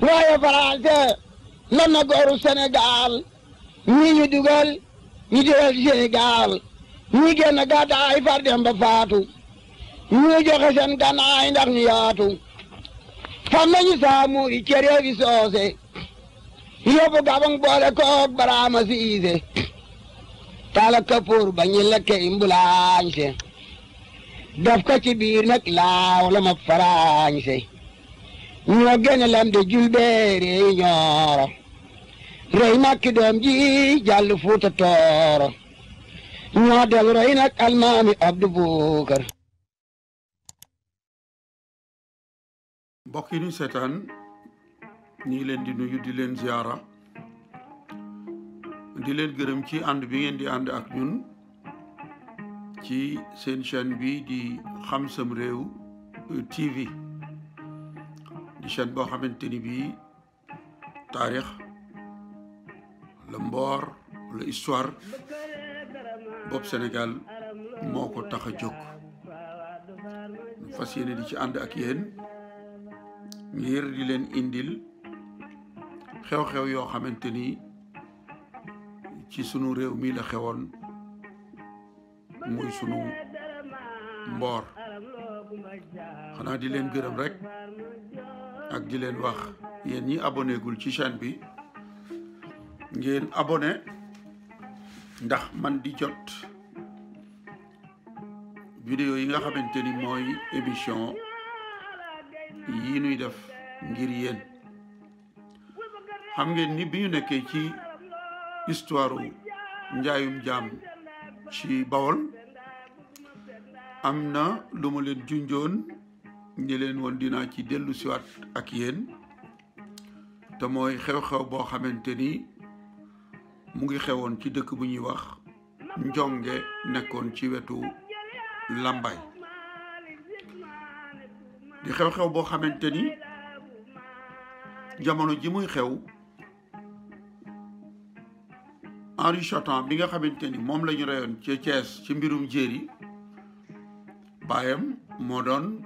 waaye français lan na gooru Sénégal ñii ñu dugal ñu dugal Sénégal ñii génn gàddaay far dem faatu ñu joxe seen gànnaay ndax ñu yaatu fam nañu saamu i cere bi soose yóbbu gabang boole koog baraama siise tala kapoor ba ñu lekke imbulaañse daf ko ci biir laaw la ma faraañse ñoo gene lam de julbeere yi ñooro rey makki doom ji jàll fuuta ñoo del roy nag almaami abdu buukar mbokk yi ñu ngi leen di nuyu di leen ziara di leen gërëm ci ànd bi ngeen di ànd ak ñun ci seen chaîne bi di xam sam réew euh, TV di boo xamante ni bii taarix la mboor la histoire bopp Sénégal moo ko tax a jóg ñu fas yéene di ci ànd ak yéen ngir di leen indil xew-xew yoo xamante ni ci sunu réew mi la xewoon muy sunu mboor xanaa di leen gërëm rek ak di leen wax yéen ñi aboneegul ci chaîne bi ngeen abone ndax man di jot vidéo yi nga xamante ni mooy émission yi nuy def ngir yéen xam ngeen ni bi ñu nekkee ci histoire njaayum jaam ci Bawol am na lu ma leen junjoon ñi leen woon dinaa ci dellu siwaat ak yéen te mooy xew-xew boo xamante ni mu ngi xewoon ci dëkk bu ñuy wax Njonge nekkoon ci wetu Làmbaay di xew-xew boo xamante ni jamono ji muy xew Henri bi nga xamante ni moom lañu reyoon ci cees ci mbirum jéeri baayam moo doon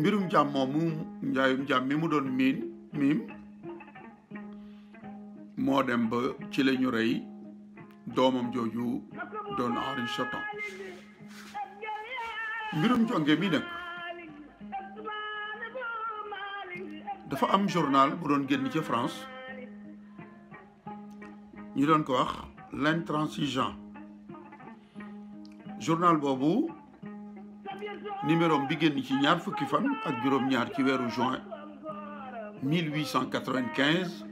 mbirum njaam moomu njaayum njaam mi mu doon miin miim moo dem ba ci la ñu rey doomam jooju doon Henri Choton mbirum jonge mi dafa am journal bu doon génn ci France ñu doon ko wax l'intransigeant journal boobu numéro bi génn ci ñaar fukki fan ak juróom-ñaar ci weeru juin 1895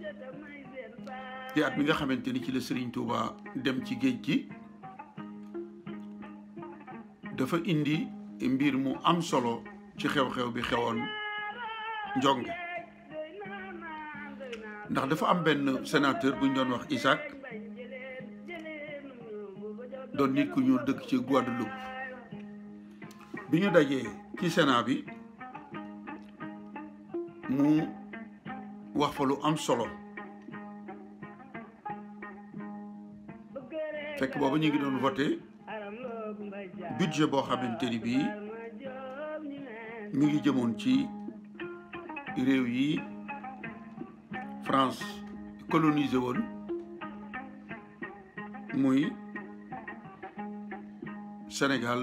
di at bi nga xamante ni ci la Serigne Touba dem ci géej gi dafa indi mbir mu am solo ci xew-xew bi xewoon Njonge ndax dafa am benn sénateur buñ doon wax Isaac doon nit ku ñu dëkk ci Guadeloupe. bi ñu dajee ci Sénat bi mu wax fa lu am solo fekk boobu ñu ngi doon voté budget boo xamante ni bii mi ngi jëmoon ci réew yi France colonisé woon muy Sénégal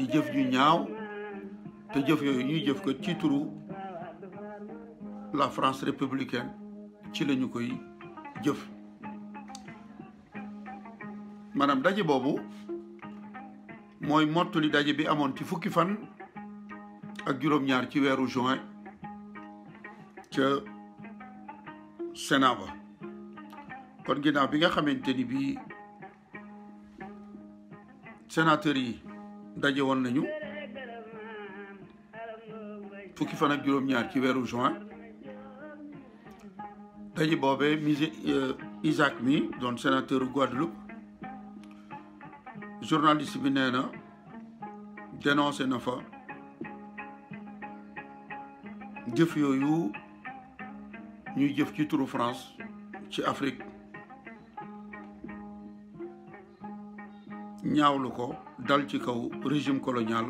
di jëf ju ñaaw te jëf yooyu ñu jëf ko ci la France républicaine ci lañu koy jëf maanaam daje boobu mooy mottali daje bi amoon ci fukki fan ak juróom-ñaar ci weeru juin ca Sénat ba kon ginnaaw bi nga xamante ni bii sénateur yi daje won nañu fukki fan ak juróom-ñaar ci weeru juin daje bobé musée euh, Isaac mi doon sénateur Guadeloupe journaliste bi nee na dénoncé na fa jëf yoyu ñuy jëf ci turu France ci Afrique ñaawlu ko dal ci kaw régime colonial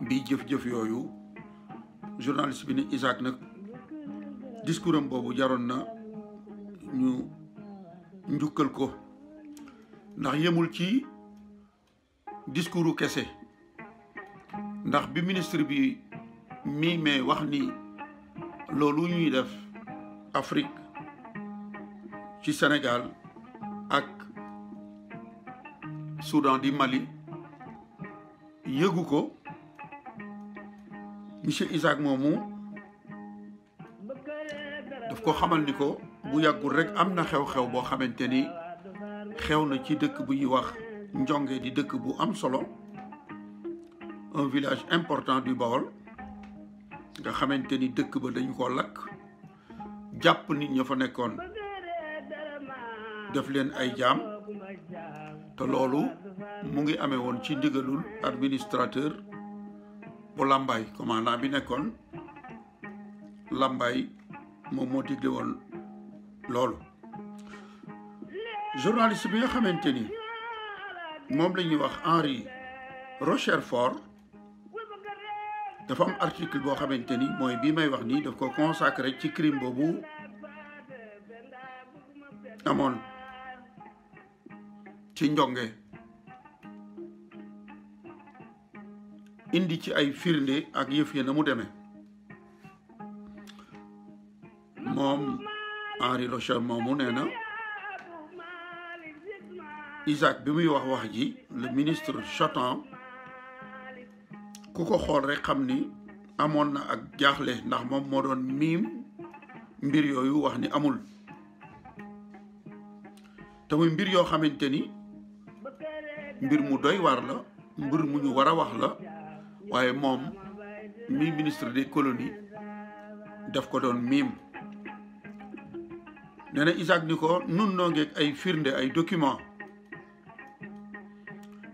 bi jëf-jëf yooyu journaliste bi ni Isaac nag discours boobu jaroon na ñu njukkal ko ndax yemul ci discoursu kese ndax bi ministre bi mii mais wax ni loolu ñuy def Afrique ci senegal ak Soudan du Mali yëgu ko monsieur Isaac moomu daf ko xamal niko bu yàggul rek amna xew-xew bo xamanteni xewna ci deuk bu yi wax njongé di deuk bu am solo un village important du Baol nga xamanteni deuk ba dañ ko lak japp nit ñafa fa def len ay jaam te loolu mu ngi amee woon ci ndigalul administrateur bu lambay commandant bi nekkoon lambay moom moo digle woon loolu journaliste bi nga xamante ni moom la wax Henri dafa am article boo xamante ni mooy bii may wax nii daf ko consacré ci crime boobu amoon ci njonge indi ci ay firnde ak yëf yi mu deme moom Henri Rochelle moomu nee na Isaac bi muy wax wax ji le ministre Chatan ku ko xool rek xam ni amoon na ak jaaxle ndax moom moo doon miim mbir yooyu wax ni amul te muy mbir yoo xamante ni mbir mu doy war la mbir mu ñu war a wax la waaye moom mi ministre des colonies daf ko doon miim nee na Isaac ni ko nun noo ay firnde ay document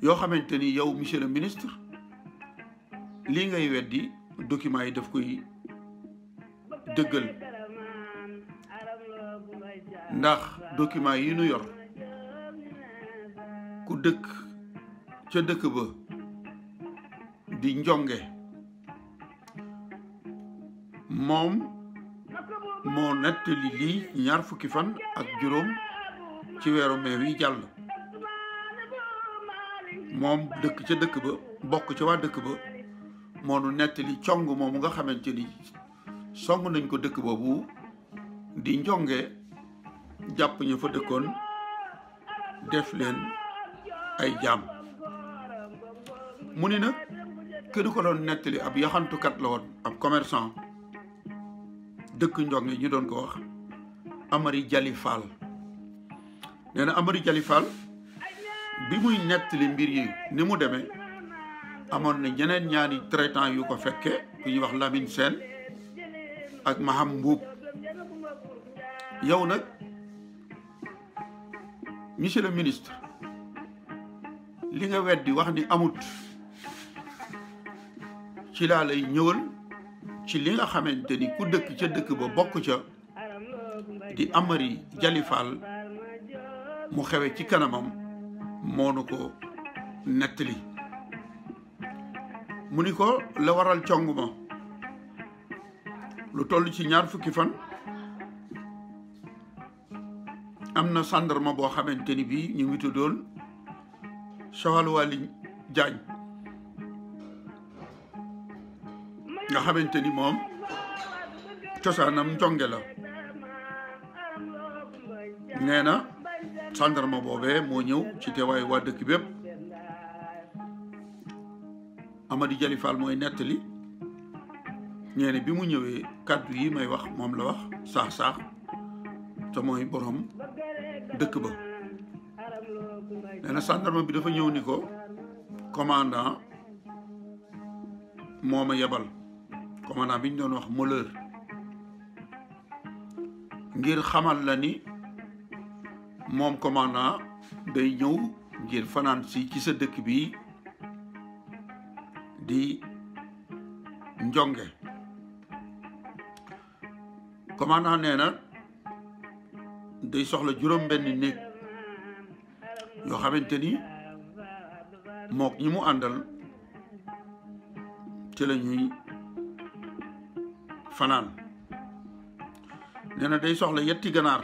yoo xamante ni yow monsieur le ministre lii ngay weddi document yi daf koy dëggal ndax document yi nu yor ku dëkk ca dëkk ba di njonge moom moo nettali lii ñaar fukki fan ak juróom ci weeru mee wi jàll moom dëkk ca dëkk ba bokk ca waa dëkk ba moo nu nettali cong moomu nga xamante ni song nañ ko dëkk boobu di njonge jàpp ñu fa dëkkoon def leen ay jaam mu ni nag kër ko doon nettali ab yaxantukat la woon ab commerçant dëkk njog yi ñu doon ko wax Amari Jali Fall na Amari Jali bi muy nettali mbir yi ni mu demee amoon na ñeneen ñaari traitant yu ko fekke ku ñuy wax Lamine Sène ak ma Maham Mbuub yow nag monsieur le ministre li nga weddi wax ni amut ci laa lay ñëwal ci li nga xamante ni ku dëkk ca dëkk ba bokk ca di Amary Jali mu xewe ci kanamam moo nu ko nettali mu ni ko la waral cong ma lu toll ci ñaar fukki fan am na sàndarma boo xamante ni bii ñu ngi tuddoon Sowal Wali Jaañ nga ya, xamanteni mom ciosanam jonge la neena na sandarma boobee moo ñëw ci Amadi wa dëkk bépp amadi Jali Fall moy netali ñene bi mu ñëwee kaddu yi may wax mom la wax sax sax te moy borom dëkk ba nee sandarma bi dafa ñëw ni ko commandant moma yabal commandant biñ doon wax Moleur ngir xamal la ni moom commandant day ñëw ngir fanaan si ci sa dëkk bi di njonge commandant nee na day soxla juróom benn néeg yoo xamante ni mook ñi mu àndal ci la fanan nee day soxla yetti ganar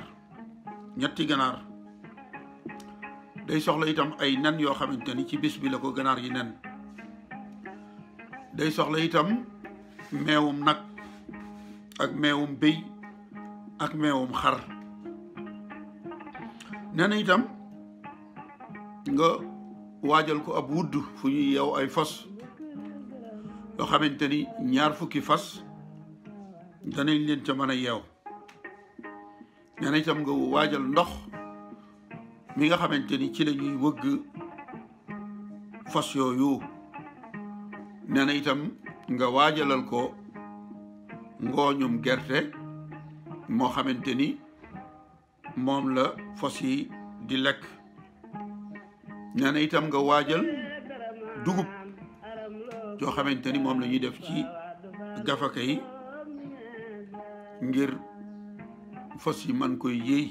ñetti ganar day soxla itam ay nan yo xamanteni ci bis bi la ko ganaar yi nen day soxla itam meewum nak ak meewum bey ak meewum xar nee itam nga wajal ko ab wudd fu ñuy yow ay fas lo xamanteni ñaar fukki fas danañ leen ca mën a yeew nee na itam nga waajal ndox mi nga xamante ni ci la ñuy wëgg fas yooyu nee na itam nga waajalal ko ngooñum gerte moo xamante ni moom la fas yi di lekk nee itam nga waajal dugub joo xamante ni moom lañuy def ci gafaka yi ngir fas yi man koy yéey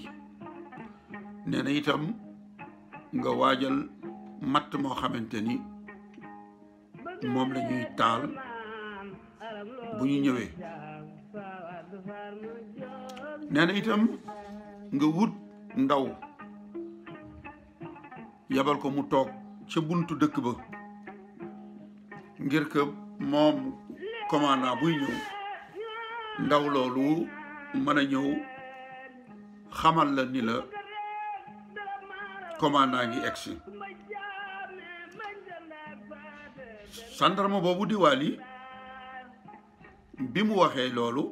nee na itam nga waajal matt moo xamante ni moom la ñuy taal bu ñu ñëwee nee na itam nga wut ndaw yabal ko mu toog ca buntu dëkk ba ngir que moom commandant buy ñëw ndaw loolu mën a ñëw xamal la ni la commandant ngi egsi sandarma boobu di bi mu waxee loolu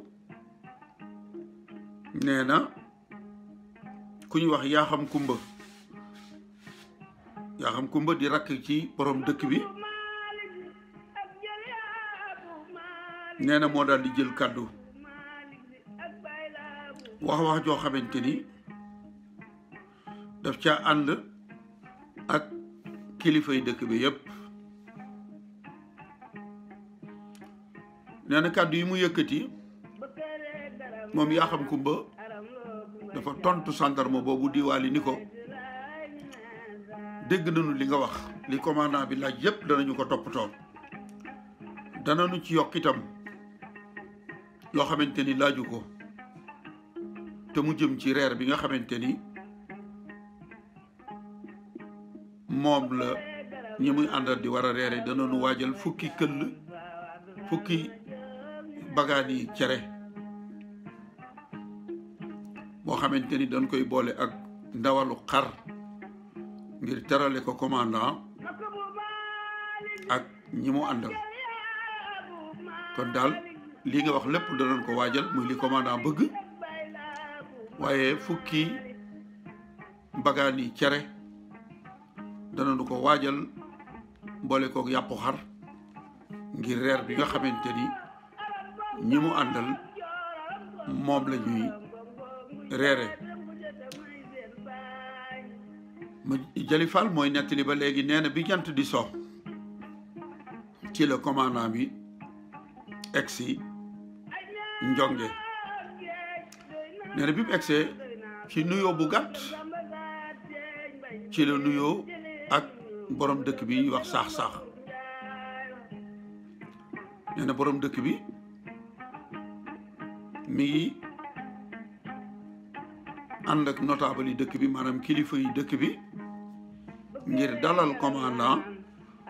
nee na ku ñu wax yaaxam xam kumba yaa xam kumba di rakk ci borom dëkk bi nee na moo daal di jël kàddu wax wax joo xamante ni daf caa ànd ak kilifay dëkk bi yépp nee kàddu yi mu yëkkati moom yaa xam kumba dafa tontu sandarma boobu diwaali ni ko dégg nañu li nga wax li commandant bi laaj yépp danañu ko toppatoo danañu ci yokk itam yoo xamante ni laaju ko te mu jëm ci reer bi nga xamante ni moom la ñi muy àndal di war a reere danañu waajal fukki këll fukki bagaan cere boo xamante ni dañ koy boole ak ndawalu xar ngir terale ko commandant ak ñi mu àndal kon daal li nga wax lépp danañ ko waajal muy li commandant bëgg waaye fukki mbagaan yi cere du ko waajal boole kook yàppu xar ngir reer bi nga xamante ni ñi mu àndal moom la ñuy reere ma Jali Fall mooy nettali ba léegi nee na bi jant di so ci la commandant bi egsi njonge nee na bi mu ci nuyo bu gàtt ci le nuyo ak borom dekk bi wax sax sax borom dekk bi mi and ak notable dekk bi manam kilifa yi dekk bi ngir dalal commandant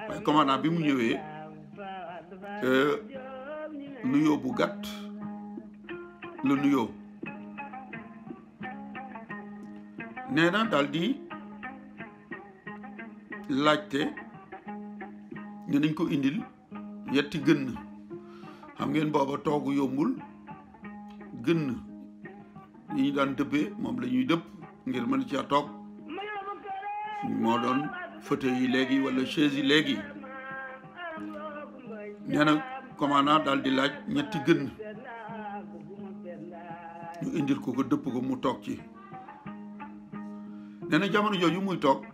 way commandant bi mu euh nuyo bu gàtt le nuyo nee na laajte ne nañ ko indil ñetti gën xam ngeen booba toogu yombul gën yi ñu daan dëbbee moom lañuy dëpp ngir mën ci a toog moo doon fauteuil yi léegi wala chaise yi léegi nee na commandant di laaj ñetti gën ñu indil ko ko dëpp ko mu toog ci Nenek zaman jamono joju muy tok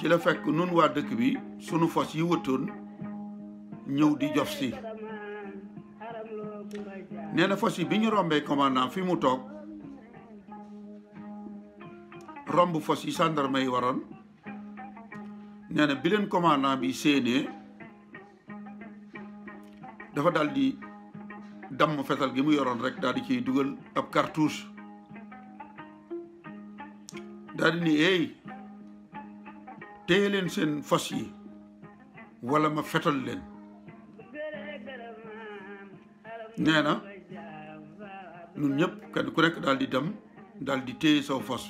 ci la fekk nun wa dekk bi sunu fos yi wëtoon ñew di jof si nee fos yi biñu ñu commandant fi mu tok romb fos yi gendarme yi waron nee bi len commandant bi dafa daldi di fetal gi mu yoron rek dari ci duggal ab cartouche daal ni eey téye leen seen fas yi walla ma fetal leen nee na ñun ñëpp kenn ku nekk daal dem daal di téye saw fas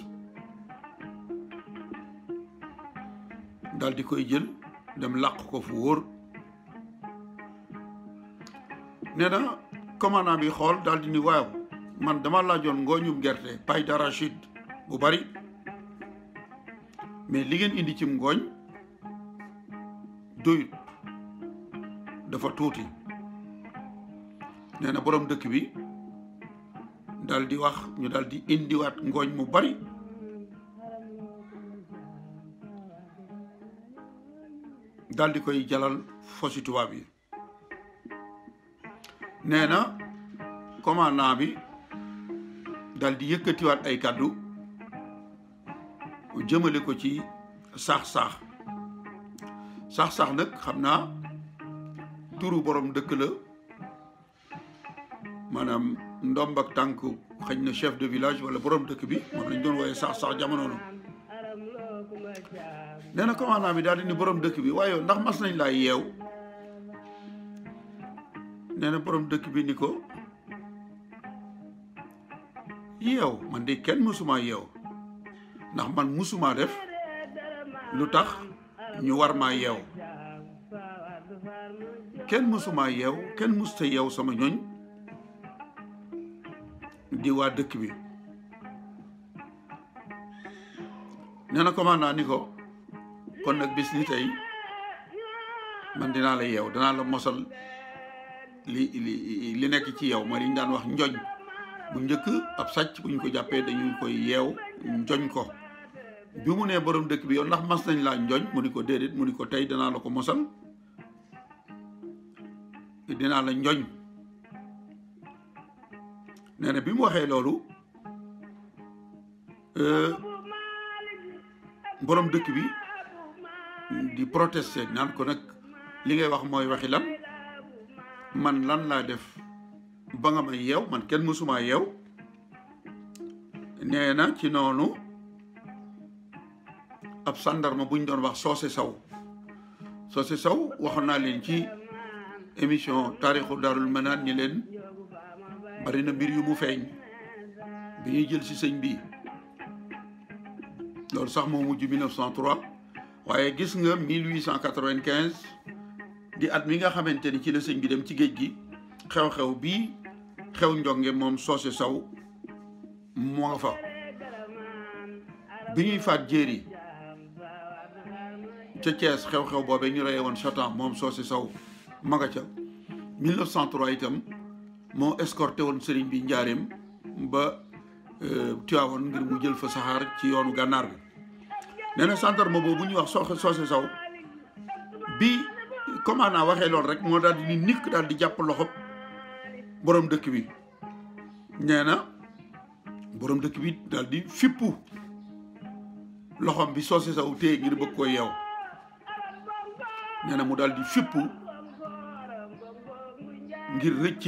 daal koy jël dem làq ko fu wóor nee na bi xool daal ni waaw man dama laajoon ngooñum gerte paille d'arachide bu bari mais li indi cim ngooñ doyut dafa tuuti nee na boroom dëkk bi dal di wax ñu dal di indiwaat ngooñ mu bari daldi koy jalal fosi yi nee na commandant bi daldi di yëkkatiwaat ay kàddu jëmale ko ci saax-saax saax-saax nag xam naa turu boroom dëkk la maanaam ndomb ak tànk xañ na chef de village wala borom dëkk bi moom nañ doon wooyee saax-saax jamono la nee na bi daal di ni borom dëkk bi waaye ndax mas nañ laa yeew nee na borom dëkk bi ni ko yeew man de kenn mësumaa yeew ndax man musuma def lu tax ñu war ma yeew kenn musuma yeew kenn musta yeew sama ñooñ diwaa dëkk bi nee na commandant ni ko kon nag bis ni tey man dinaa la yeew danaa la mosal li li nekk ci yow mooy li ñu daan wax njoñ bu njëkk ab sàcc bu ñu ko jàppee dañu koy yeew njoñ ko bi mu ne borom dëkk bi yow ndax mas nañ laa njoñ mu ni ko déedéet mu ni ko tey danaa la ko mosal dinaa la njoñ nee bi mu waxee loolu euh, boroom dëkk bi di protester naan ko nag li ngay wax mooy waxi lan man lan laa def ba nga ma yeew man kenn mësuma yeew nee na ci noonu ab sàndarma bu doon wax soose saw soose saw waxoon naa leen ci émission taarixu daarul manaan ñi leen bari na mbir yu mu feeñ bi ñuy jël ci sëñ bi loolu sax moo mujj 1903 waaye gis nga 1895 di at mi nga xamante ni ci la sëñ bi dem ci géej gi xew-xew bi xew njonge moom soose saw mu nga fa bi ñuy faat jéeri ca Thiès xew-xew boobee ñu reye woon Chatan moom soose saw ma nga ca 1903 itam moo escorté woon sëriñ bi njaareem ba euh, Tiwaawoon ngir mu jël fa saxaar ci yoonu gànnaar bi nee na sandarma boobu ñuy wax soo soose saw bi commandant waxee lool rek moo daal di ni nikk daal di jàpp loxob boroom dëkk bi nee na borom dëkk bi daal fippu loxoom bi soose saw téye ngir bëgg ko yeew nee mu daal di fippu ngir rëcc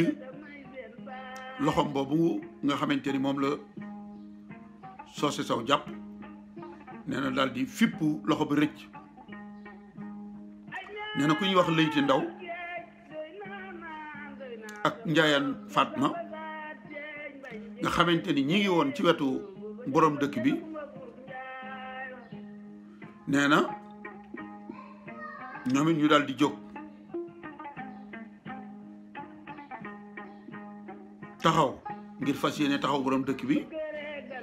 loxoom boobu nga xamante ni moom la soose saw jàpp nee na fippu loxo bi rëcc nee na ku ñuy wax layti ndaw ak njaayan Fatma nga xamanteni ñi ngi woon ci wetu borom dëkk bi nee na ñoom ñu daal di jóg taxaw ngir fas yéene taxaw borom dëkk bi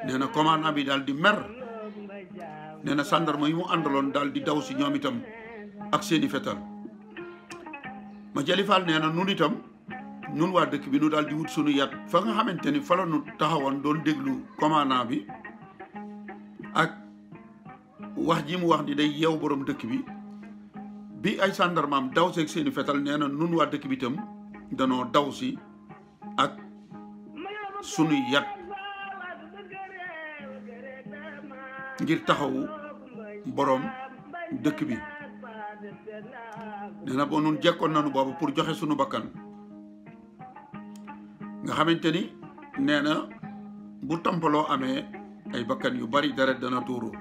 nee na commandant bi daal di mer nee na gendarme yi mu àndaloon daal di daw si ñoom itam ak seeni fetal ma jëli nee na itam nun waa dëkk bi nu daal di wut sunu yat fa nga xamante ni fa la nu taxawoon doon déglu commandant bi ak wax ji mu wax ni day yew borom dëkk bi bi ay gendarmam daw seeg seeni fetal nee na nun waa dëkk bi tam danoo daw si ak sunu yat ngir taxaw borom dëkk bi nee na boo nun nanu boobu pour joxe sunu bakkan nga xamanteni ni bu tampalo amé ay bakkan yu bari dara dana touru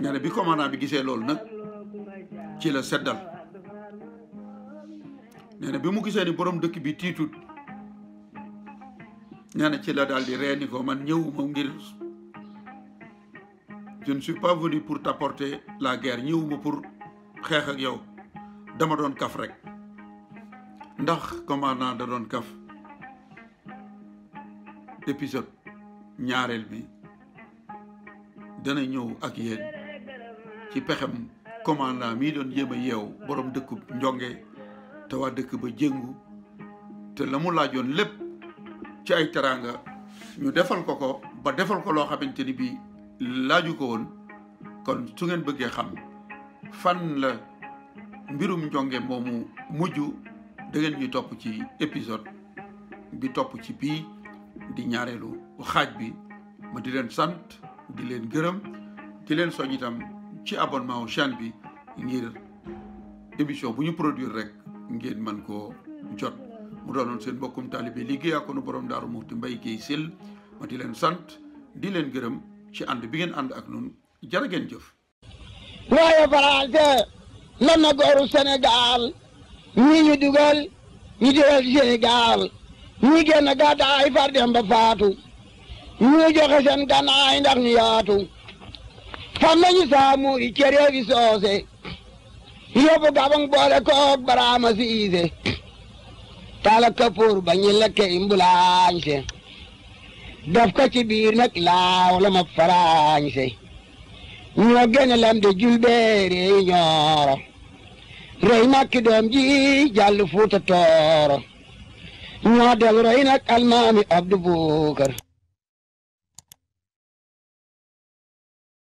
nee bi commandant bi gisé loolu nak ci la seddal bi mu gisé ni borom dëkk bi titut nee ci la daldi réni ko man ñëwuma ngir je ne suis pas venu pour t'apporter la guerre ñëwuma pour xex ak yow dama doon kaf rek ndax commandant da doon kaf épisode ñaareel bi dana ñëw ak yéen ci pexem commandant mii doon jéem a yeew boroom dëkk njonge te waa dëkk ba jéngu te la mu laajoon lépp ci ay teraanga ñu defal ko ko ba defal ko loo xamante ni bii laaju ko woon kon su ngeen bëggee xam fan la mbirum njonge moomu mujj da ngeen ñuy topp ci épisode bi topp ci bii di ñaareelu xaaj bi ma di leen sant di leen gërëm di leen soñ itam ci abonnement wu chaîne bi ngir émission bu ñu produire rek ngeen man koo jot mu doonoon seen mbokkum taalibe liggéey ak nu borom daaru Muxti Mbay Géey Sil ma di leen sant di leen gërëm ci ànd bi ngeen ànd ak nun jërë ngeen jëf waaye Farañse man na Sénégal ñii ñu dugal ñu dugal ci Sénégal ñii génn gàddaay far dem faatu ñu joxe seen ndax ñu yaatu fam nañu saamu yi soose yóbbu gabang boole koog baraama siise tala kapoor ba ñu lekke imbulaañse daf ko ci biir la ma faraañse ñoo génn lam de julbeere ñooro roy nag ki doom ji jàll fuuta tooro ñoo del roy nag almaami Abdu Bukar